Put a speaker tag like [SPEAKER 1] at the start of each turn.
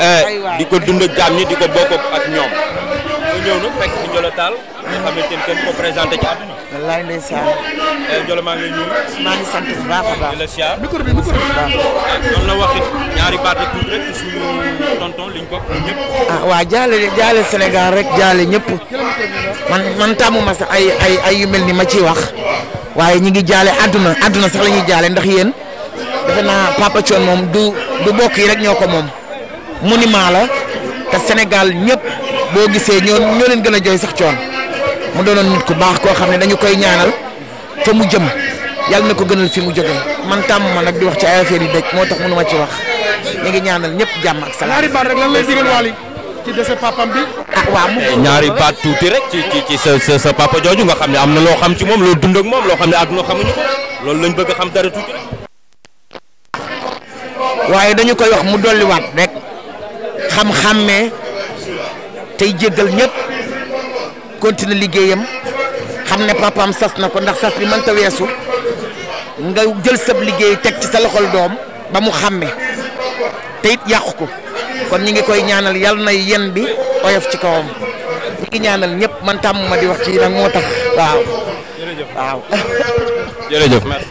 [SPEAKER 1] Eh, di
[SPEAKER 2] ko dund jam jaam ñi di bokk ak ñom
[SPEAKER 1] ñu
[SPEAKER 2] ñew nag fekk ci Ndiolo nga xamante kenn ko présenter ci àdduna wallaay ndeysaan eh, Ndiolo maa ngi lay nuyu maa ngi sant bu baax a baax la siyaar micro bi micro bi non la eh, waxit ñaari baat rek ci suñu
[SPEAKER 1] tonton liñ ko ñep
[SPEAKER 3] ah wa jale jale Sénégal rek jale ñep man man tàmmuma sa ay ay ay yu mel ma ci wax waye ñi ngi jale aduna aduna sax lañu jale ndax yeen defena Papa chon mom du du bokki rek ñoko mom monument la te Sénégal ñëpp bo gisé ñoo ñoo leen gëna joy sax coon mu doon nit ku baax ko xam dañu koy ñaanal fa mu jëm yalla nako gënal fi mu joggé man tam man nag di wax ci ay affaire yi dekk moo tax mënu ma ci wax ñi ngi ñaanal ñëpp jamm ak salaari ñaari baat
[SPEAKER 4] rek lan
[SPEAKER 5] lay digël wali ci dese papam bi. ah wa mu ñaari
[SPEAKER 1] baat tuti rek ci ci ci sa sa papa joju nga xam amna lo xam ci mom lo dund ak mom lo xam aduna xamuñu ko loolu lañ
[SPEAKER 3] bëgg xam dara tuti waye dañu koy wax mu doli wat rek xam-xàmmee tey jéggal ñépp continuer liggéeyam xam ne papaam sas na ko ndax sas bi mënta weesu nga jël sab liggéey teg ci sa loxol doom ba mu xàmme te yàqu ko kon ñu ngi koy ñaanal yàlla na yen bi oyof ci kawam ñi ngi ñaanal ñëpp man tàmm ma di wax ci nag moo tax
[SPEAKER 2] waaw waaw